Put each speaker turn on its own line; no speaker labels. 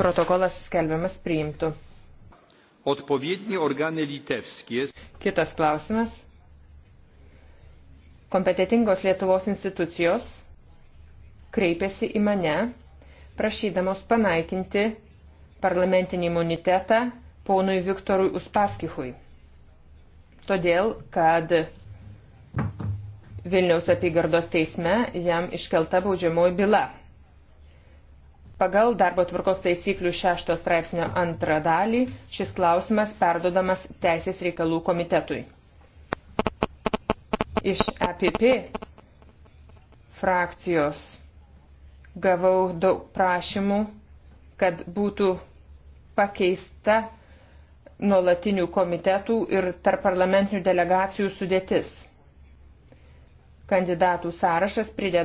protokolas skelbiamas priimtų. Kitas klausimas. Kompetitingos Lietuvos institucijos kreipėsi į mane, prašydamos panaikinti parlamentinį imunitetą ponui Viktorui Uspaskichui. Todėl, kad Vilniaus apygardos teisme jam iškelta baudžiamoji byla. Pagal darbo tvarkos taisyklių 6 straipsnio antrą dalį šis klausimas perdodamas Teisės reikalų komitetui. Iš EPP frakcijos gavau daug prašymų, kad būtų pakeista nuolatinių komitetų ir tarp parlamentinių delegacijų sudėtis.
Kandidatų sąrašas prideda.